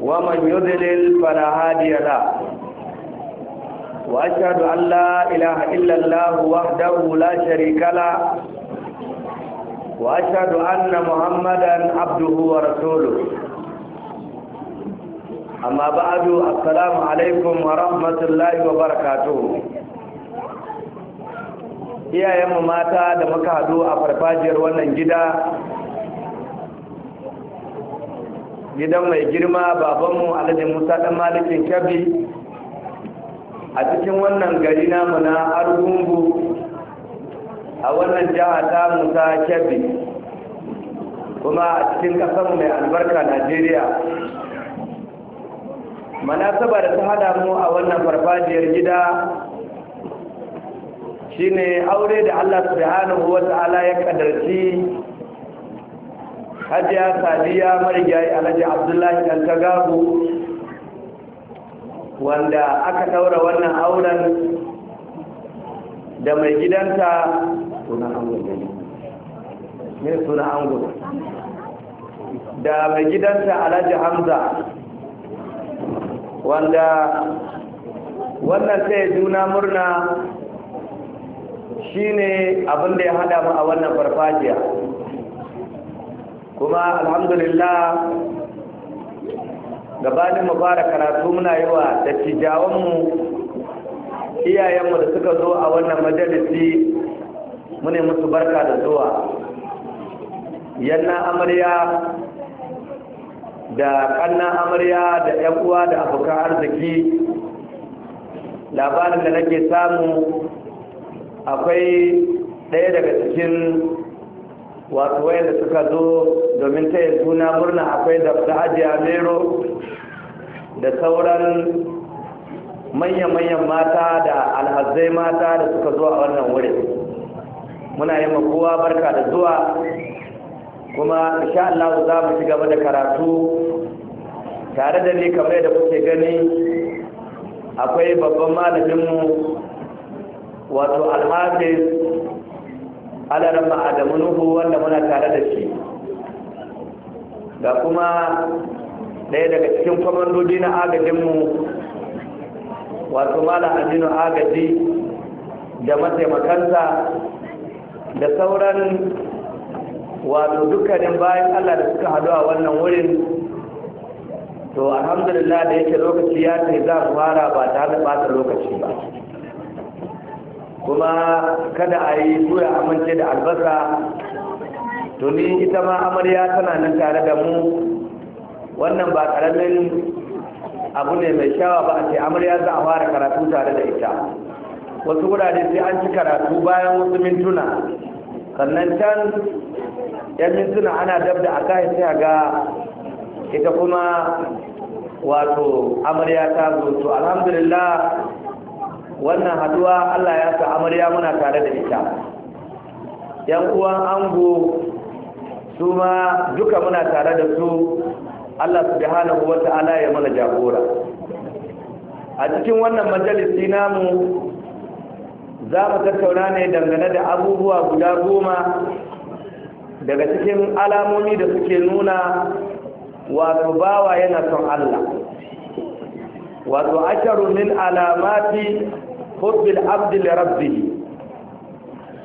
ومن يذلل فلا هادي له وأشهد أن لا إله إلا الله وحده لا شريك له وأشهد أن محمدا عبده ورسوله أما بعد السلام عليكم ورحمة الله وبركاته iyayenmu mata da muka haɗu a farfajiyar wannan gida gidan mai girma babanmu alhaji musa dan malikin kabi a cikin wannan gari namu na argungu a wannan jiha ta musa kebbi kuma a cikin ƙasar mai albarka najeriya manasaba da ta hada mu a wannan farfajiyar gida shine aure da allah subhanahu wa ta'ala ya kadarci hajiya sadiya marigayi alhaji abdullahi dan tagabu wanda aka taura wannan auren da mai gidanta suna ango ne suna da mai gidanta alhaji hamza wanda wannan sai juna murna shine abin da ya hada mu a wannan farfajiya kuma alhamdulillah gabanin mu fara karatu muna yi wa dattijawanmu iyayenmu da suka zo a wannan majalisi mune musu barka da zuwa yanna amarya da kanna amarya da yan uwa da abokan arziki labarin da nake samu akwai ɗaya daga cikin wato wayanda suka zo domin taya suna murna akwai da hajiya mero da sauran manya-manyan mata da alhazai mata da suka zo a wannan wuri muna yi kowa barka da zuwa kuma insha Allah za mu ci gaba da karatu tare da ni kamar da kuke gani akwai babban malaminmu wato alhafiz alaran ma'adamu nuhu wanda muna tare da shi ga kuma ɗaya daga cikin kwamandodi na agajinmu wato mala aminu agaji da mataimakansa da sauran wato dukkanin bayan allah da suka hadu a wannan wurin to alhamdulillah da yake lokaci ya ce za mu fara ba tare da ɓata lokaci ba kuma kada a yi soya amince da albasa to ni ita ma amarya tana nan tare da mu wannan ba karamin abu ne mai shawa ba a ce amarya za a fara karatu tare da ita wasu wurare sai an ci karatu bayan wasu mintuna sannan can yan mintuna ana dabda da aka yi sai ga ita kuma wato amarya ta zo to alhamdulillah wannan haduwa Allah ya sa amarya muna tare da ita yan uwan ango su ma duka muna tare da su Allah subhanahu wata'ala ya mana jagora a cikin wannan majalisi namu za mu tattauna ne dangane da abubuwa guda goma daga cikin alamomi da suke nuna wato bawa yana son Allah wato asharu min alamati hubbil abdi li rabbih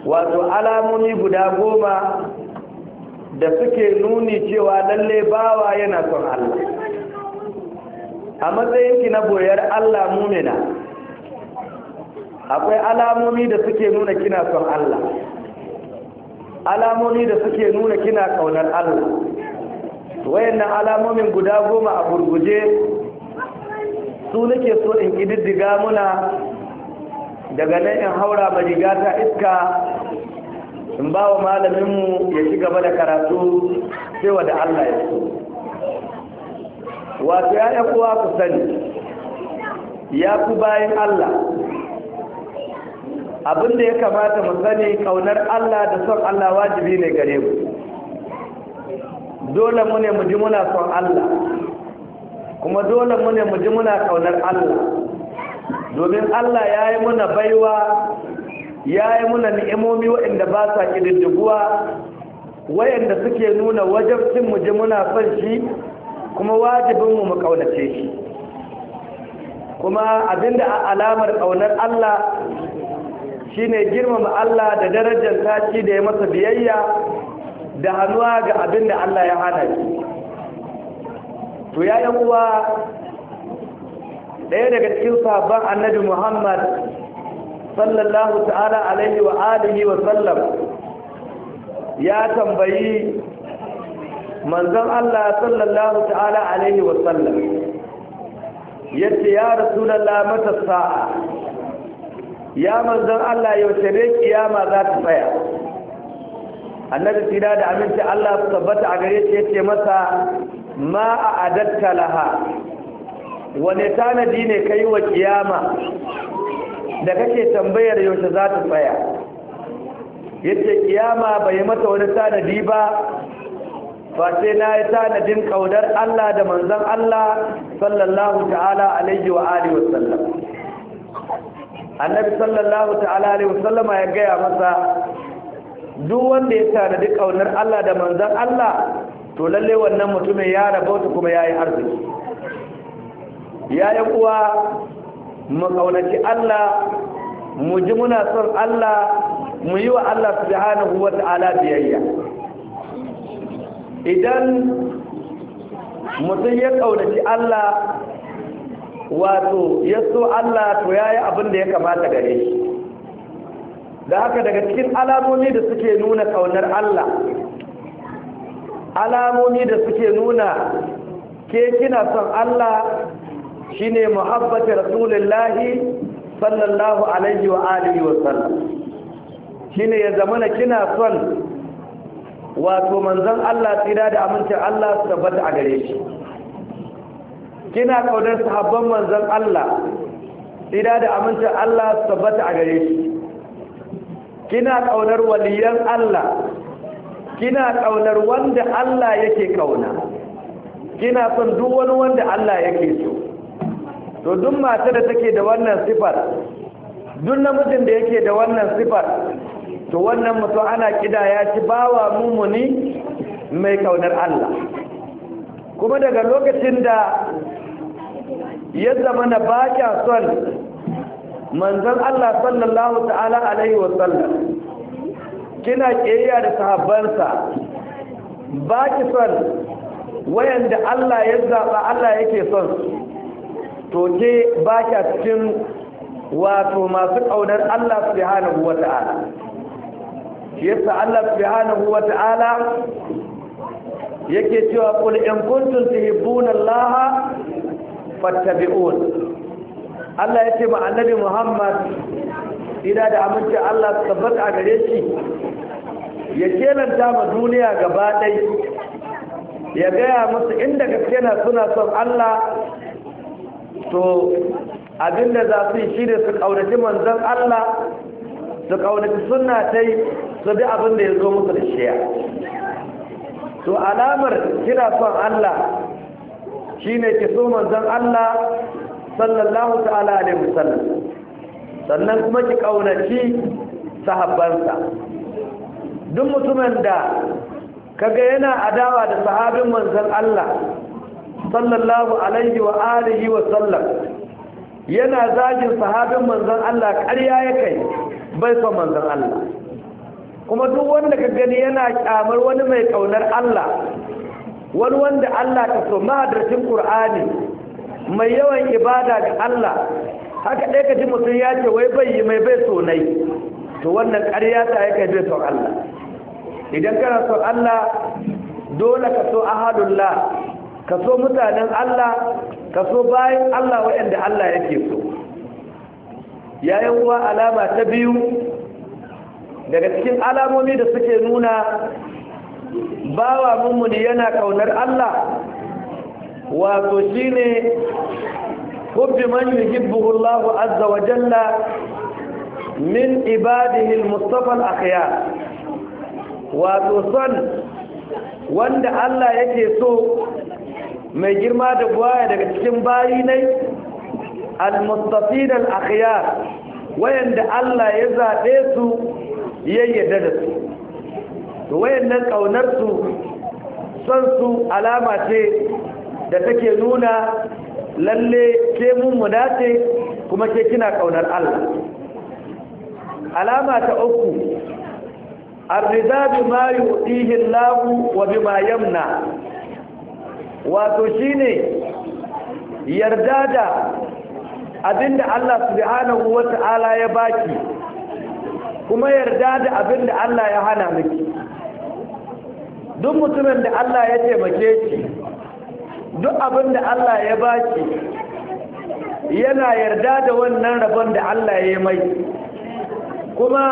wato alamomi guda goma da suke nuni cewa lalle bawa yana son Allah a matsayin ki na boyar Allah mumina akwai alamomi da suke nuna kina son Allah alamomi da suke nuna kina kaunar Allah wayannan alamomin guda goma a burguje su nake so in ƙididdiga muna daga nan in haura mariga ta iska in ba wa malaminmu ya ci gaba da karatu cewa da Allah ya so wato ya kuwa ku sani ya ku bayan Allah abinda ya kamata mu sani ƙaunar Allah da son Allah wajibi ne gare mu dole mu ne mu ji muna son Allah kuma dole mu ne mu ji muna kaunar Allah domin Allah ya yi muna baiwa ya yi muna ni'imomi waɗanda ba sa ƙididdiguwa waɗanda suke nuna wajabcin mu ji muna son shi kuma wajibinmu mu kaunace shi kuma abinda a alamar kaunar Allah shine girmama Allah da darajar tashi da ya masa biyayya da hannuwa ga abinda Allah ya hana shi to ya yan uwa ɗaya daga cikin sabon annabi muhammad sallallahu ta'ala alaihi wa alihi wa sallam ya tambayi manzan Allah sallallahu ta'ala alaihi wa sallam yadda ya rasulullah mata sa'a ya manzan Allah yaushe tare kiyama za ta tsaya annabi sida da aminci Allah su tabbata a gare shi yace masa ma a adatta laha wane tanadi ne kai wa kiyama da kake tambayar yaushe za ta tsaya yadda kiyama bai mata wani tanadi ba ba sai na yi tanadin kaudar Allah da manzan Allah sallallahu ta'ala alaihi wa alihi wasallam annabi sallallahu ta'ala alaihi wasallam ya gaya masa duk wanda ya tanadi kaunar Allah da manzan Allah to lalle wannan mutumin ya ta kuma ya yi arziki ya yi kuwa mu Allah mu ji muna son Allah mu yi wa Allah subhanahu wa ala biyayya idan mutum ya kaunaki Allah wato ya so Allah to ya yi abin da ya kamata gare shi da haka daga cikin alamomi da suke nuna kaunar Allah alamomi da suke nuna ke kina son Allah shine muhabbatin Rasulullahi sallallahu alaihi wa alihi wa sallam shine ya zamana kina son wato manzon Allah tsira da amincin Allah su tabbata a gare shi kina kaudar sahabban manzon Allah tsira da amincin Allah su tabbata a gare shi kina kaunar waliyan Allah kina kaunar wanda Allah yake kauna kina son duk wani wanda Allah yake so to duk matar da take da wannan sifar duk namijin da yake da wannan sifar to wannan mutum ana ya ci, bawa mumuni mai kaunar Allah kuma daga lokacin da ya zama na son manzon Allah sallallahu ta'ala alaihi wasallam kina ƙiyayya da sahabbansa ba ki son wayanda Allah ya zaɓa Allah yake son to ke ba ki cikin wato masu ƙaunar Allah subhanahu wa yasa Allah subhanahu wa yake cewa qul in kuntum tuhibbuna Allah fattabi'un Allah yake ma annabi Muhammad ida da aminci Allah tabbata a gare shi ya kelanta ma duniya gaba ɗai ya gaya musu inda gaske na suna son Allah to abinda za su yi shi ne su ƙaunaci manzan Allah su ƙaunaci suna ta yi su bi abin ya zo musu da shiya to alamar kina son Allah shi ne ki so manzan Allah sallallahu ta'ala alaihi wasallam sannan kuma ki ƙaunaci sahabbansa duk mutumin da kaga yana adawa da sahabin manzon Allah sallallahu alaihi wa alihi wa sallam yana zagin sahabin manzon Allah ƙarya ya kai bai son manzon Allah kuma duk wanda ka gani yana kyamar wani mai ƙaunar Allah wani wanda Allah ka so mahadarcin Qur'ani mai yawan ibada ga Allah haka ɗaya ka ji mutum ya ce wai bai yi mai bai sonai to wannan ƙarya ta yake bai son Allah idan kana so Allah dole ka so ahadullah ka so mutanen Allah ka so bayan Allah waɗanda Allah yake so yayin uwa alama ta biyu daga cikin alamomi da suke nuna bawa mummuni yana kaunar Allah wato shine hubbi man yuhibbu Allah azza wa jalla min ibadihi al-mustafa al-akhyar wato son wanda Allah yake so mai girma da buwaya daga cikin bayi ne al-mustafid al-akhyar wayanda Allah ya zaɓe su yayyada da su to wayannan kaunar su son su alama ce da take nuna lalle ke mun ce kuma ke kina kaunar Allah alama ta uku arrida bima yu'tihi Allah wa bima yamna wato shine yarda da abinda Allah subhanahu wata'ala ya baki kuma yarda da abinda Allah ya hana miki duk mutumin da Allah ya taimake shi duk abinda Allah ya baki yana yarda da wannan rabon da Allah ya yi mai kuma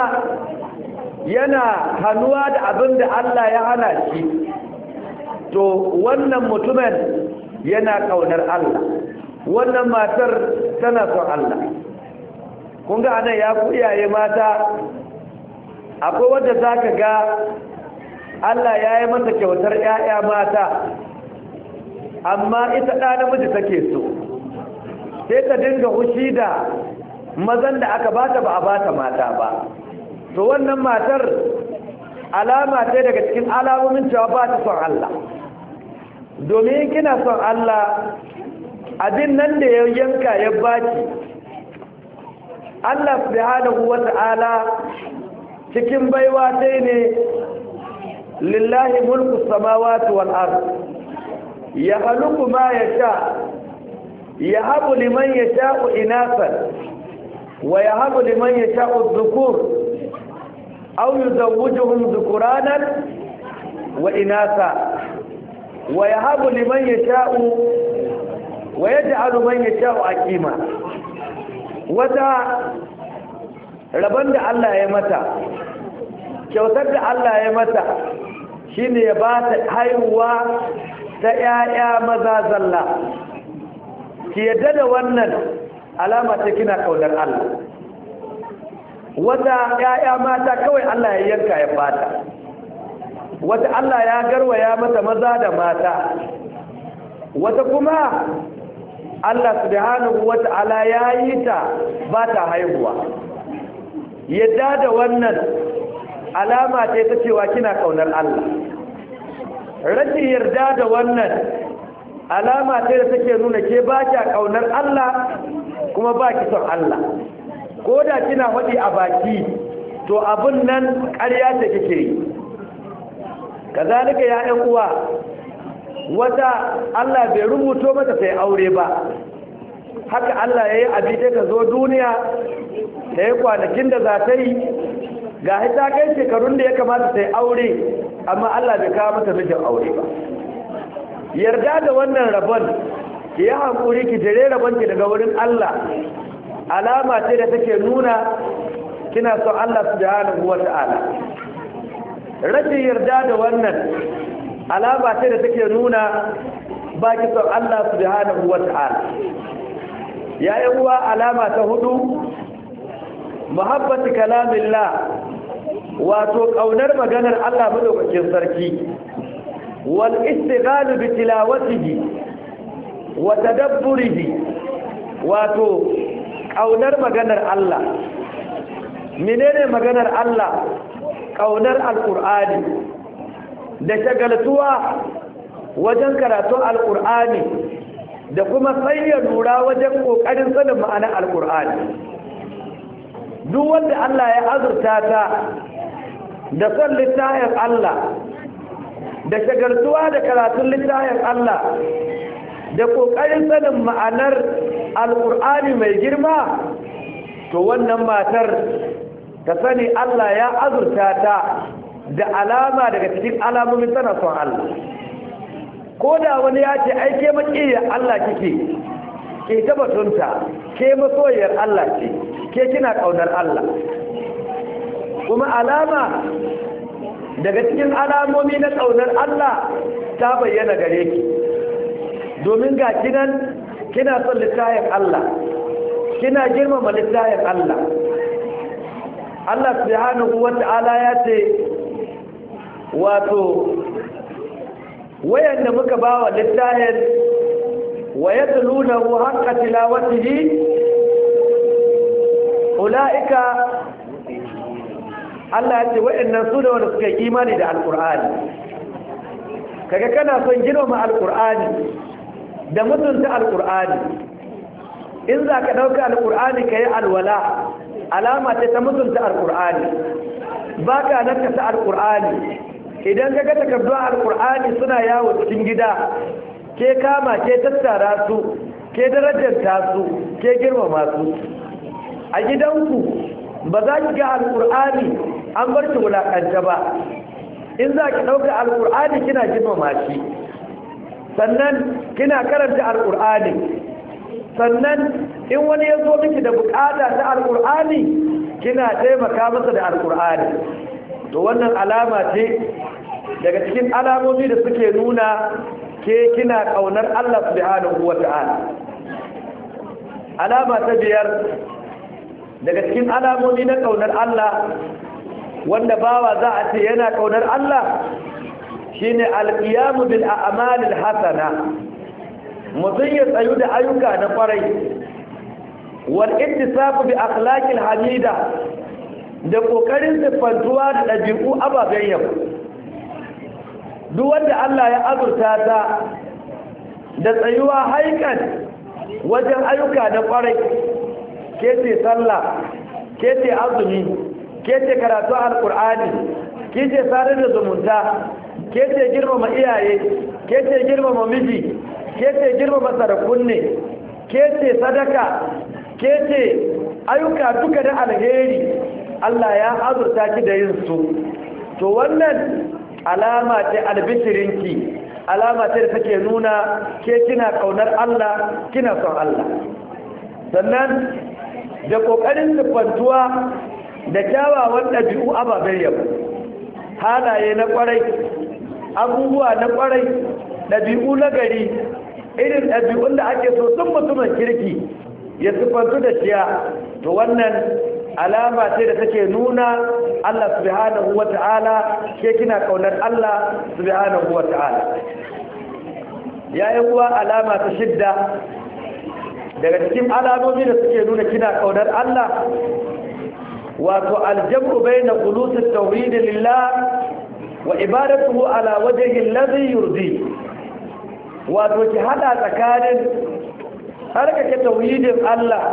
yana hannuwa da abin da Allah ya hana shi to wannan mutumin yana kaunar Allah wannan matar tana son Allah kun ga anan ya ku iyaye mata akwai wanda zaka ga Allah ya yi mata kyautar 'ya'ya mata amma ita ɗa namiji take so sai ta dinga hushi da mazan da aka bata ba a bata mata ba to wannan matar alama ce daga cikin alamomin cewa ba ta son Allah domin kina son Allah abin nan da ya yanka ya baki Allah subhanahu ta'ala cikin baiwa sai ne lillahi mulku samawati wal ard ya haluku ma sha ya habu liman sha'u inasan wa ya habu liman yasha'u dhukur aw yuzawwijuhum dhukuranan wa inasa wa yahabu liman yasha'u wa yaj'alu man yasha'u aqima wata rabon da Allah ya mata kyautar da Allah ya mata shine ya ba ta haihuwa ta 'ya'ya maza zalla ki yadda da wannan alama ta kina kaunar Allah wata ‘ya'ya mata kawai Allah ya yanka ya fata wata Allah ya ya mata maza da mata wata kuma Allah subhanahu wata'ala ya yi ta ba ta haihuwa yadda da wannan alama ce ta cewa kina kaunar Allah rashin yarda da wannan alama ce da take nuna ke ba kya kaunar Allah kuma ba ki son Allah ko da kina faɗi a baki to abin nan ƙarya ta kike yi kazalika ya ɗan uwa wata Allah bai rubuto mata sai aure ba haka Allah ya yi abita ka zo duniya ta yi kwanakin da za ta yi ga ta kai shekarun da ya kamata sai aure amma Allah bai kawo mata mijin aure ba yarda da wannan rabon ki yi hankuri ki jere rabon ki daga wurin Allah alama ce da take nuna kina so Allah subhanahu wata'ala rashin yarda da wannan alama ce da take nuna baki son Allah subhanahu wata'ala yayin uwa alama ta hudu muhabbati kalamillah wato kaunar maganar Allah madaukakin sarki wal istighalu bi tilawatihi wa tadabburihi wato ƙaunar maganar Allah menene maganar Allah ƙaunar alƙur'ani da shagaltuwa wajen karatun alƙur'ani da kuma sanya lura wajen ƙoƙarin sanin ma'anar alƙur'ani duk wanda Allah ya azurta ta da son littafin Allah da shagaltuwa da karatun littafin Allah da ƙoƙarin sanin ma'anar alƙur'ani mai girma to wannan matar ta sani Allah ya azurta ta da alama daga cikin alamomin tana son Allah ko da wani ya ce ai ke ya Allah kike ke ta ke masoyar Allah ce ke kina ƙaunar Allah kuma alama daga cikin alamomi na ƙaunar Allah ta bayyana gare ki domin ga kinan kina son littafin Allah kina girmama littafin Allah Allah subhanahu wata'ala ya ce wato wayanda muka bawa littafin wa yatlunahu haqqa tilawatihi ulaika Allah ya ce wayannan su da wanda suka imani da alqur'ani kaga kana son girmama alqur'ani da mutunta alƙur'ani in za ka ɗauka alƙur'ani ka yi alwala alama ce ta mutunta alƙur'ani ba ka ta alƙur'ani idan ka ga takardu alƙur'ani suna yawo cikin gida ke kama ke tattara su ke darajanta su ke girmama su a gidanku ba za ki ga alƙur'ani an bar ki wulaƙanta ba in za ki ɗauka alƙur'ani kina girmama shi sannan kina karanta alkur'ani sannan in wani ya zo miki da bukata ta alkur'ani kina taimaka masa da alkur'ani to wannan alama ce daga cikin alamomi da suke nuna ke kina kaunar Allah subhanahu wata'ala alama ta biyar daga cikin alamomi na ƙaunar Allah wanda bawa za a ce yana ƙaunar Allah shine alqiyamu bil a'malil hasana mutum ya tsayu da ayyuka na kwarai wal ittisabu bi akhlaqil hamida da kokarin siffantuwa da dabi'u ababen yau. duk wanda Allah ya azurta ta da tsayuwa haikan wajen ayyuka na kwarai ke ce sallah ke ce azumi ke ce karatu alkur'ani ke ce sadar da zumunta ke ce girmama iyaye ke ce girmama miji ke ce girmama sarakunne ke ce sadaka ke ce ayyuka duka da alheri Allah ya azurta ki da yin su to wannan alama ce albishirinki alama ce da take nuna ke kina kaunar Allah kina son Allah sannan da kokarin sifantuwa da kyawawan ɗabi'u ababen yabo halaye na kwarai abubuwa na kwarai ɗabi'u na gari irin ɗabi'un da ake so sun mutumin kirki ya sufantu da shiya to wannan alama ce da take nuna Allah subhanahu wa ta'ala ke kina ƙaunar Allah subhanahu wa ta'ala yayin kuwa alama ta shidda daga cikin alamomi da suke nuna kina kaunar Allah wato aljabu Kulusun Tauri da lillah wa ibadatuhu ala wajhi alladhi yurdi wato ki hada tsakanin harkake tauhidin Allah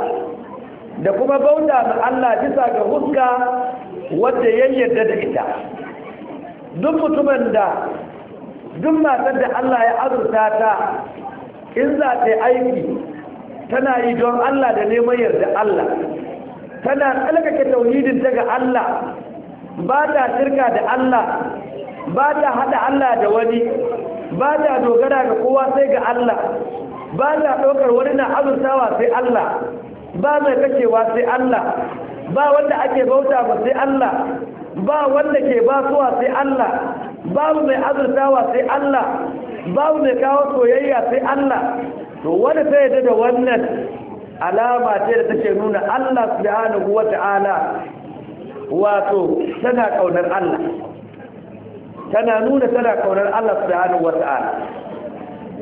da kuma bauta ma Allah bisa ga huska wanda ya yarda da ita duk mutumin da duk matar da Allah ya azurta ta in za ta aiki tana yi don Allah da neman yarda Allah tana tsalkake tauhidin ta ga Allah ba ta shirka da Allah ba da haɗa Allah da wani ba da dogara ga kowa sai ga Allah ba da ɗaukar wani na azurtawa sai Allah ba mai kacewa sai Allah ba wanda ake bauta ba sai Allah ba wanda ke basuwa sai Allah ba mai azurtawa sai Allah ba mai kawo soyayya sai Allah to wani ta yadda da wannan alama ce da take nuna Allah subhanahu wata'ala wato tana ƙaunar Allah tana nuna tana kaunar Allah subhanahu wata'ala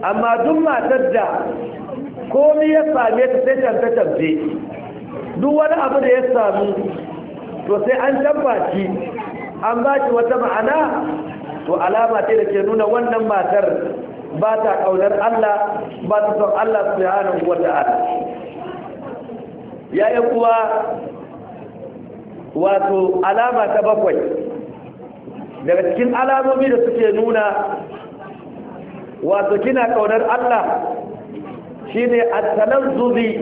amma duk matar da komai ya same ta sai tanta tambe duk wani abu da ya samu to sai an tabbaci an ba ki wata ma'ana to alama ce da ke nuna wannan matar ba ta kaunar Allah ba ta son Allah subhanahu wata'ala yayin kuwa wato alama ta bakwai daga cikin alamomi da suke nuna wato kina kaunar Allah shine at-talazzuzi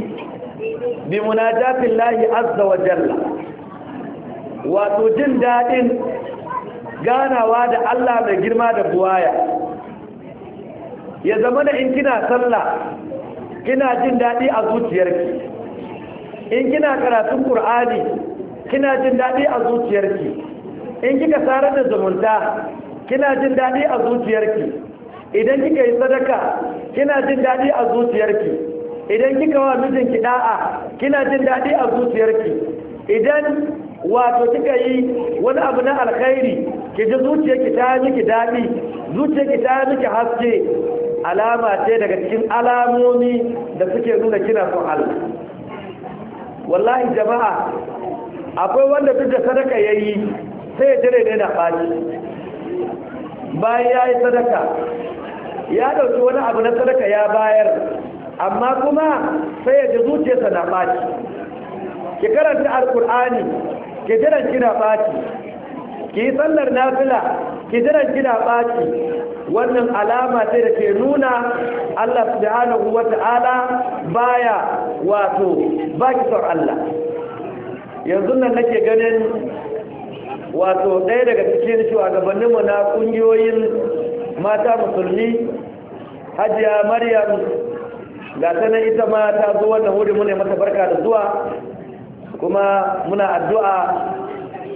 bi munajati lahi, azza wa jalla wato jin daɗin ganawa da Allah mai girma da buwaya ya zama da in kina sallah kina jin daɗi a zuciyarki in kina karatun ƙur'ani kina jin daɗi a zuciyarki in kika sarar da zumunta kina jin daɗi a zuciyarki idan kika yi sadaka kina jin daɗi a zuciyarki idan kika wa mijinki da'a kina jin daɗi a zuciyarki idan wato kika yi wani abu na alkhairi ki ji zuciyarki ta miki daɗi zuciyarki ta miki haske alama ce daga cikin alamomi da suke nuna kina son Allah wallahi jama'a akwai wanda duk da sadaka yayi sai ya jire da yana bayan ya yi sadaka ya ɗauki wani abu na sadaka ya bayar amma kuma sai ya ji zuciyarsa na ɓaci ki karanta alkur'ani ki jiran kina ɓaci ki yi sallar nafila ki jiran kina ɓaci wannan alama ce da ke nuna Allah subhanahu wa ta'ala baya wato baki son Allah yanzu nan nake ganin wato ɗaya daga cikin shugabanninmu na ƙungiyoyin mata musulmi hajiya maryam ga ita ma ta zo wannan wuri muna mata barka da zuwa kuma muna addu'a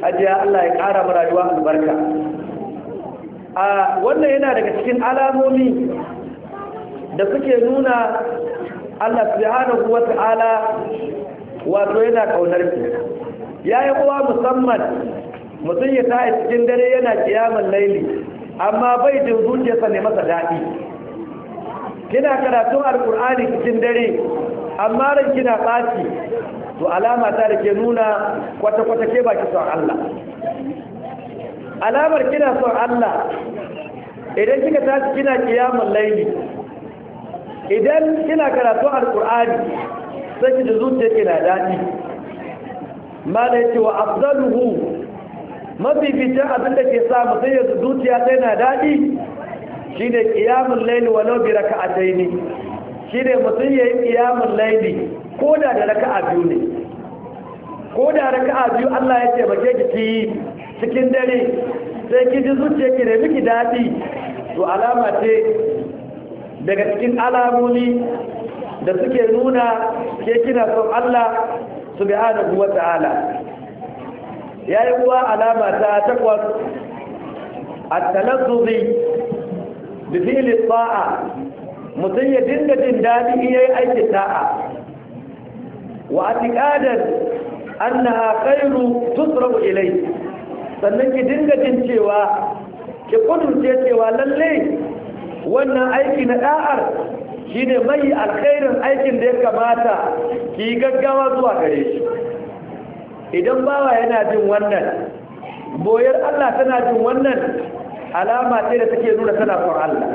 hajiya allah ya ƙara mu rayuwa albarka a wannan yana daga cikin alamomi da suke nuna allah subhanahu wa ta'ala wato yana ƙaunar ki ya yi kowa musamman mutum ya tashi cikin dare yana kiyamun laili amma bai jin zuciyarsa ne masa daɗi kina karatun alkur'ani cikin dare amma ran kina ɓaci to alama ta da ke nuna kwata-kwata ke baki son Allah alamar kina son Allah idan kika tashi kina kiyamun laili idan kina karatun alkur'ani sai ki ji zuciya kina daɗi ma da yake wa afdaluhu mafificin abin da ke sa mutum yanzu zuciya sai na daɗi shi ne ƙiyamun laili wa lobi raka a daini shi ne mutum ya yi ƙiyamun laili ko da da raka a biyu ne ko da raka a biyu allah ya taimake ki ki yi cikin dare sai ki ji zuciya ki da ki daɗi to alama ce daga cikin alamomi da suke nuna ke kina son allah subhanahu wa ta'ala ya yi kuwa alama ta takwas a talazzuzi da fili sa'a mutum ya dinga jin daɗi iya yi aiki ta'a wa a tiƙadar an na haƙairu tusrabu ilai sannan ki dinga jin cewa ki kudurce cewa lalle wannan aiki na ɗa'ar shi ne mai alkhairin aikin da ya kamata ki gaggawa zuwa gare shi idan bawa yana jin wannan boyar Allah tana jin wannan alama ce da take nuna tana son Allah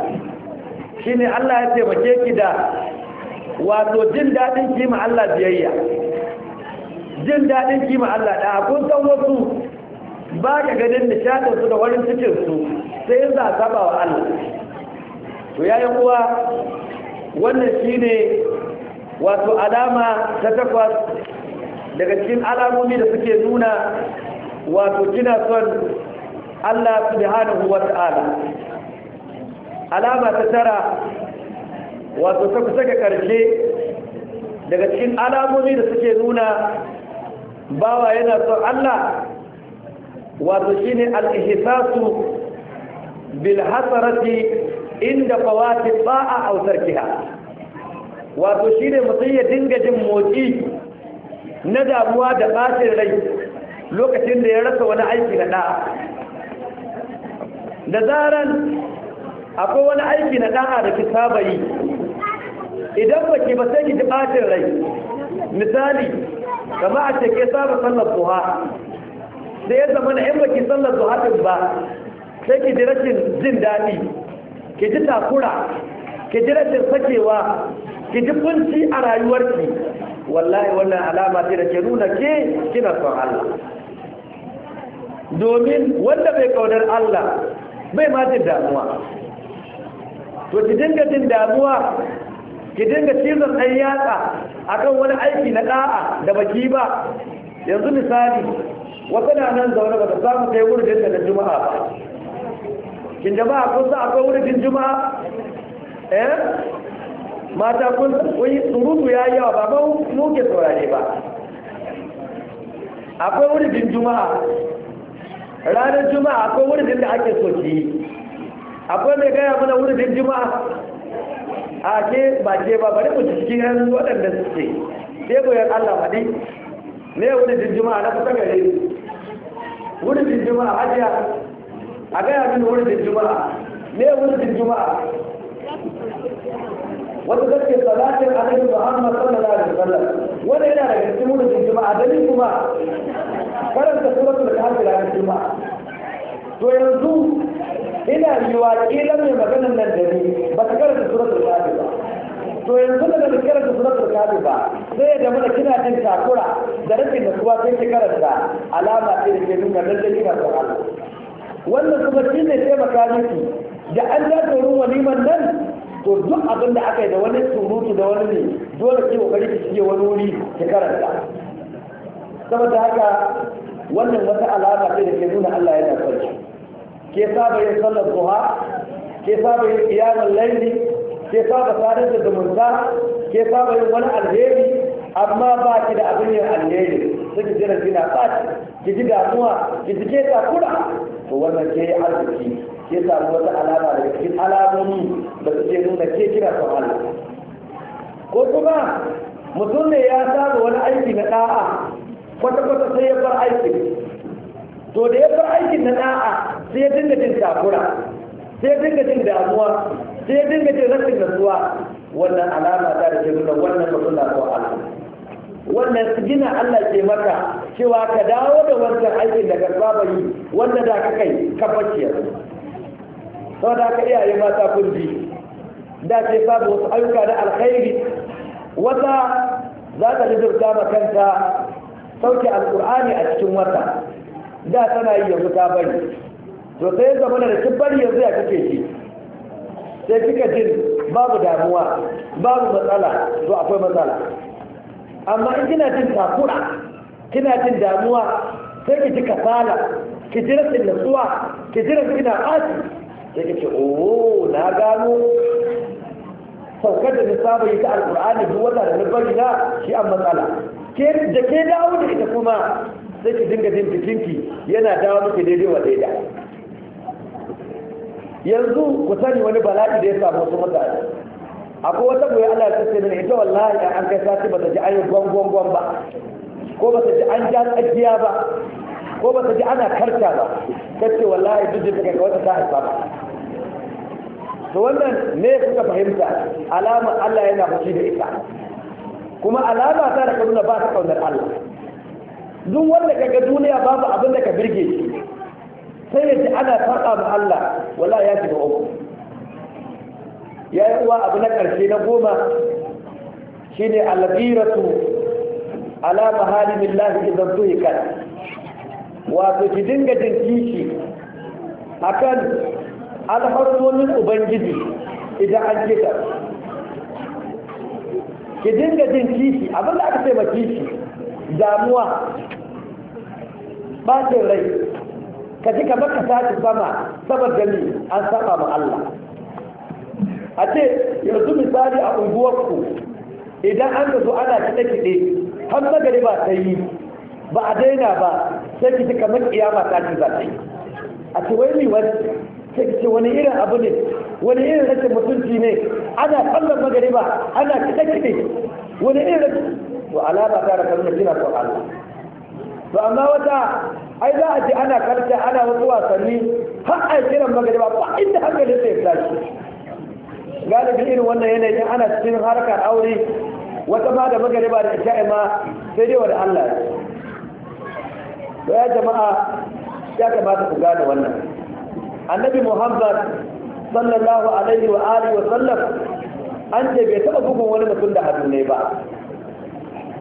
shine Allah ya taimake ki da wato jin dadin kima Allah biyayya jin dadin kima Allah da kun san wasu ba ka ganin nishadin su da warin cikin su sai za saba wa Allah to yayi kuwa wannan shine wato alama ta takwas daga cikin alamomi da suke nuna wato kina son Allah subhanahu wa ta'ala alama ta tara wato ta kusa ga ƙarshe daga cikin alamomi da suke nuna bawa yana son Allah wato shine al-ihsasu bil hasarati inda fawati ba'a aw tarkiha wato shine mutum ya dinga jin motsi na damuwa da ɓacin rai lokacin da ya rasa wani aiki na ɗa'a da zaran akwai wani aiki na ɗa'a da ki saba yi idan baki ba sai ki ji ɓacin rai misali kama a ce ke saba sallar duha sai ya zama na 'yan ba ki sallar duha ɗin ba sai ki ji rashin jin daɗi ki ji takura ki ji rashin sakewa ki ji kunci a rayuwarki wallahi wannan alama ce da ke nuna ke kina son Allah domin wanda bai kaunar Allah bai ma jin damuwa to ki dinga jin damuwa ki dinga cizon ɗan yatsa kan wani aiki na ɗa'a da baki ba yanzu misali wata na nan zaune ba ta samu kai wurin da juma'a ba kin jama'a kun akwai wurin juma'a eh mata kun wani surutu ya yi yawa babban ba mu saurare ba akwai wurin juma'a ranar juma'a akwai wurin da ake yi akwai mai gaya mana wurin juma'a a ke ba ke ba bari mu cikin yan waɗanda suke sai goyon allah faɗi ne wurin juma'a na kusa gare wurin juma'a hajiya a gaya min wurin juma'a ne wurin juma'a wata take salatin annabi Muhammad sallallahu alaihi wasallam wanda yana daga cikin mutum juma'a dalil kuma karanta suratul kafir a juma'a to yanzu ina yiwa kila mai maganar nan da ni ba ta karanta suratul kafir ba to yanzu da da karanta suratul kafir ba sai da mana kina jin takura da rashin nutsuwa sai ki karanta alama ce da ke nuna lalle kina son Allah wannan kuma shi ne taimaka miki da an za ta ruwa liman nan to duk abin da aka yi da wani surutu da wani ne dole ce kokari ki shige wani wuri ki karanta saboda haka wannan wata alama ce da ke nuna Allah yana son ki ke saba yin sallar duha ke saba yin qiyamul layli ke saba sadar da zumunta ke saba yin wani alheri amma ba ki da abin yin alheri sai ki jira kina ki ji damuwa ki ji ke kula to wannan ke arziki ya samu wata alama daga cikin alamomi da suke nuna ke kira su Allah ko kuma mutum ne ya samu wani aiki na da'a kwata-kwata sai ya bar aikin to da ya bar aikin na da'a sai ya dinga jin takura sai ya dinga jin damuwa sai ya dinga jin rashin nasuwa wannan alama ta da ke nuna wannan mutum na zuwa Allah wannan gina Allah ke maka cewa ka dawo da wancan aikin da ka saba yi wanda da ka kai ka bace sau da aka iyaye mata kun da ce sabu wasu ayyuka da alkhairi wata za ta lizurta ma kanta sauke alkur'ani a cikin wata da tana yi yanzu ta bari to sai ya zama da cin bari yanzu ya kake shi sai kika jin babu damuwa babu matsala to akwai matsala amma in kina jin takura kina jin damuwa sai ki ji kasala ki ji rasin nasuwa ki ji rasin na sai ka ce o na gano saukar da saba yi ta alkur'ani duk wata da nufari na shi an matsala da ke dawo da ita kuma sai ki dinga jin jikinki yana dawo miki daidai wa daidai yanzu ku sani wani bala'i da ya samu wasu mutane akwai wata mai ana ya tsaye ita wallahi an kai sati ta ji an yi gwangwangwan ba ko ba ta ji an ja tsakiya ba ko ba ta ji ana karta ba Ta ce wallahi duk da kaga wata ta haifa ba to wannan ne kuka fahimta alama Allah yana fushi da ita kuma alama ta da kaduna ba ta kaunar Allah duk wanda kaga duniya babu abin da ka birge shi sai ya ji ana faɗa ma Allah wala ya shiga uku ya yi uwa abu na karshe na goma shine al-ghiratu ala mahalimillahi idan tuhikat wato ki dinga jin kishi akan alhassonin ubangiji idan an kita ki dinga jin kishi abin da aka ce ma kishi damuwa bacin rai ka ji kamar ka tashi sama saboda ni an saba ma Allah a ce yanzu misali a unguwarku idan an ka zo ana kiɗe-kiɗe har magari ba ta yi ba a daina ba sai ki ji kamar kiyama ta ci za ta yi a ce wai ni wani sai ce wani irin abu ne wani irin rashin mutunci ne ana kallon ba ana kiɗe-kiɗe wani irin rashin to alama ta da kalmar kira ko Allah to amma wata ai za a ce ana karta ana wasu wasanni har a kiran magani ba inda hankali sai ya tashi galibin irin wannan yanayin ana cikin harkar aure wata ma da magani ba da isha'i ma sai dai wani Allah to ya jama'a ya kamata ku gane wannan annabi muhammad sallallahu alaihi wa alihi wa sallam an ce bai taba bugun wani mutum da hannu ne ba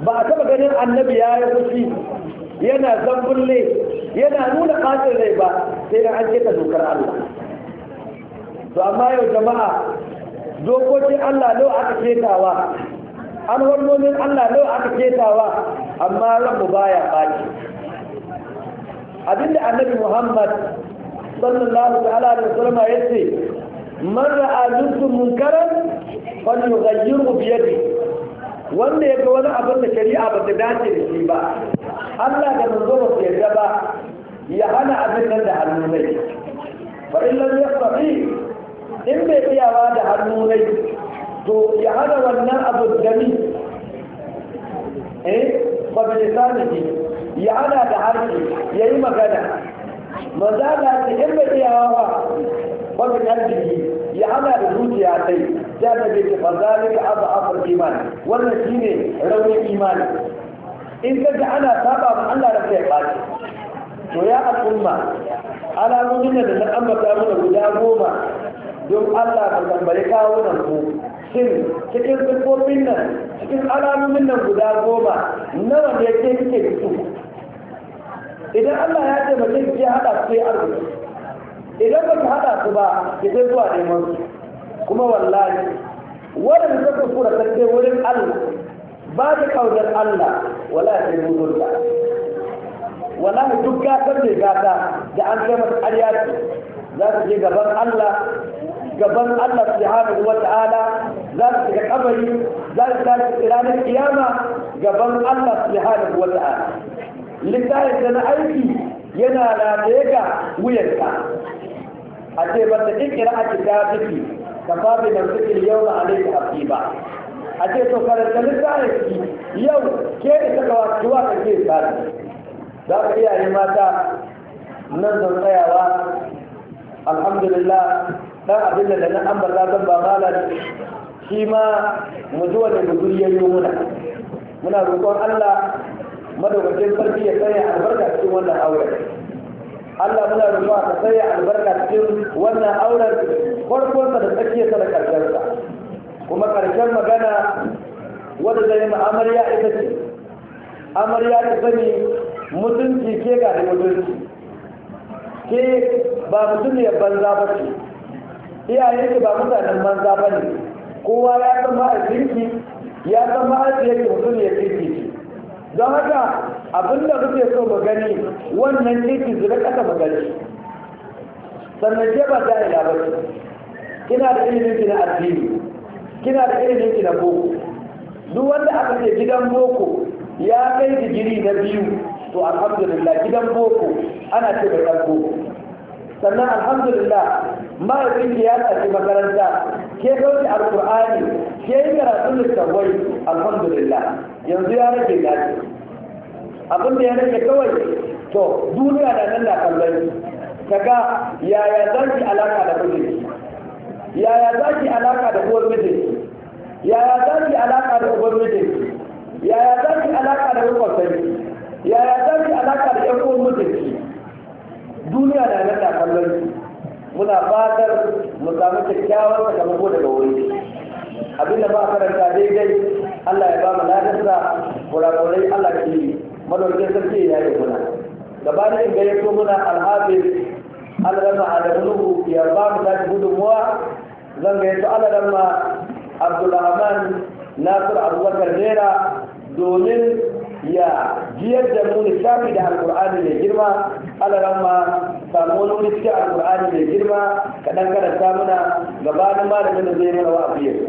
ba a taba ganin annabi ya yi fushi yana zambulle yana nuna ƙasar rai ba sai da an keta dokar allah to amma yau jama'a dokokin allah lau aka ketawa an alwarnonin allah lau aka ketawa amma ranmu baya baki abinda annabi muhammad sallallahu ta'ala da sallama ya ce man ra'a minkum munkaran falyughayyirhu bi yadihi wanda ya ga wani abin da shari'a ba ta dace da shi ba Allah da manzo ba su yarda ba ya hana abin nan da hannu nai fa in lam yastati in bai iyawa da hannu nai to ya hana wannan abin gani eh ba bai sani ya hana da harshe ya yi magana maza na ta in bai iyawa ba wajen arziki ya ana da zuciya sai ya ta bai ba za ka aza afar imani wannan shi ne raunin imani in ka ga ana saba ma Allah da kai ɓaci to ya al'umma alamomin da na ambata mana guda goma don Allah ka tambayi kawo nan ku shin cikin nan cikin alamomin nan guda goma nawa ne ke kike fito idan Allah ya ce mutum ya haɗa su ya arziki idan ba ka haɗa su ba ya sai zuwa neman su kuma wallahi waɗanda suka kura sarki wurin Allah ba da kaunar Allah wala ya sai Wala wallahi duk gasar mai gata da an kai masa ƙarya za su je gaban Allah gaban Allah subhanahu wa ta'ala za su shiga kabari za su tashi ranar kiyama gaban Allah subhanahu wa ta'ala littafin da na aiki yana rataye ga wuyanka a ce ba ta ikira a cika ciki ka fafi da cikin yau na a fi ba a ce to karanta littafin yau ke da ta kawo kiwa ka ke tsari za ka yi mata nan zan tsayawa alhamdulillah dan abin da na ambata zan ba malar shi ma mu da wani guduri ya muna muna roƙon Allah madaukakin sarki ya sanya albarka cikin wannan auren Allah muna rufa ka sanya albarka cikin wannan auren farkonsa da tsakiyarsa da karshensa kuma karshen magana wadda zai ma amarya ita ce amarya ta sani mutunci ke ga da mutunci ke ba mutum ya banza ba ce iyayenki ba mutanen banza ba ne kowa ya san ma'aikinki ya san ma'aikinki ya kirki don haka abinda muke so mu gani wannan titi zira kasa mu gani sannan ke ba za ila ba kina da ilimin ki na addini kina da ilimin ki na boko duk wanda aka ce gidan boko ya kai digiri na biyu to alhamdulillah gidan boko ana ce mai boko sannan alhamdulillah mahaifinki ya tafi makaranta ke sauki alkur'ani ke yi karatun littattafai alhamdulillah yanzu ya rage gaji abin da ya rage kawai to duniya da nan na kallon kaga yaya za ki alaka da mijinki yaya za ki alaka da uwar mijinki yaya za ki alaka da uban mijinki yaya za ki alaka da makwabtanki yaya za ki alaka da ƴan uwan duniya da nan na kallon muna fatar mu samu kyakkyawan sakamako daga wuri abinda ba karanta daidai Allah ya ba mu ladarsa kurakurai Allah ke yi madaukin sarki ya yi muna gabanin in gayyato muna alhafiz alrama adamunuhu ya ba mu tashi gudunmuwa zan gayyato alrama abdulrahman nasir abubakar naira domin ya jiyar da mu lissafi da alkur'ani mai girma alrama samu wani wuri cikin alkur'ani mai girma kaɗan karanta muna gabanin malamin da zai mana a yau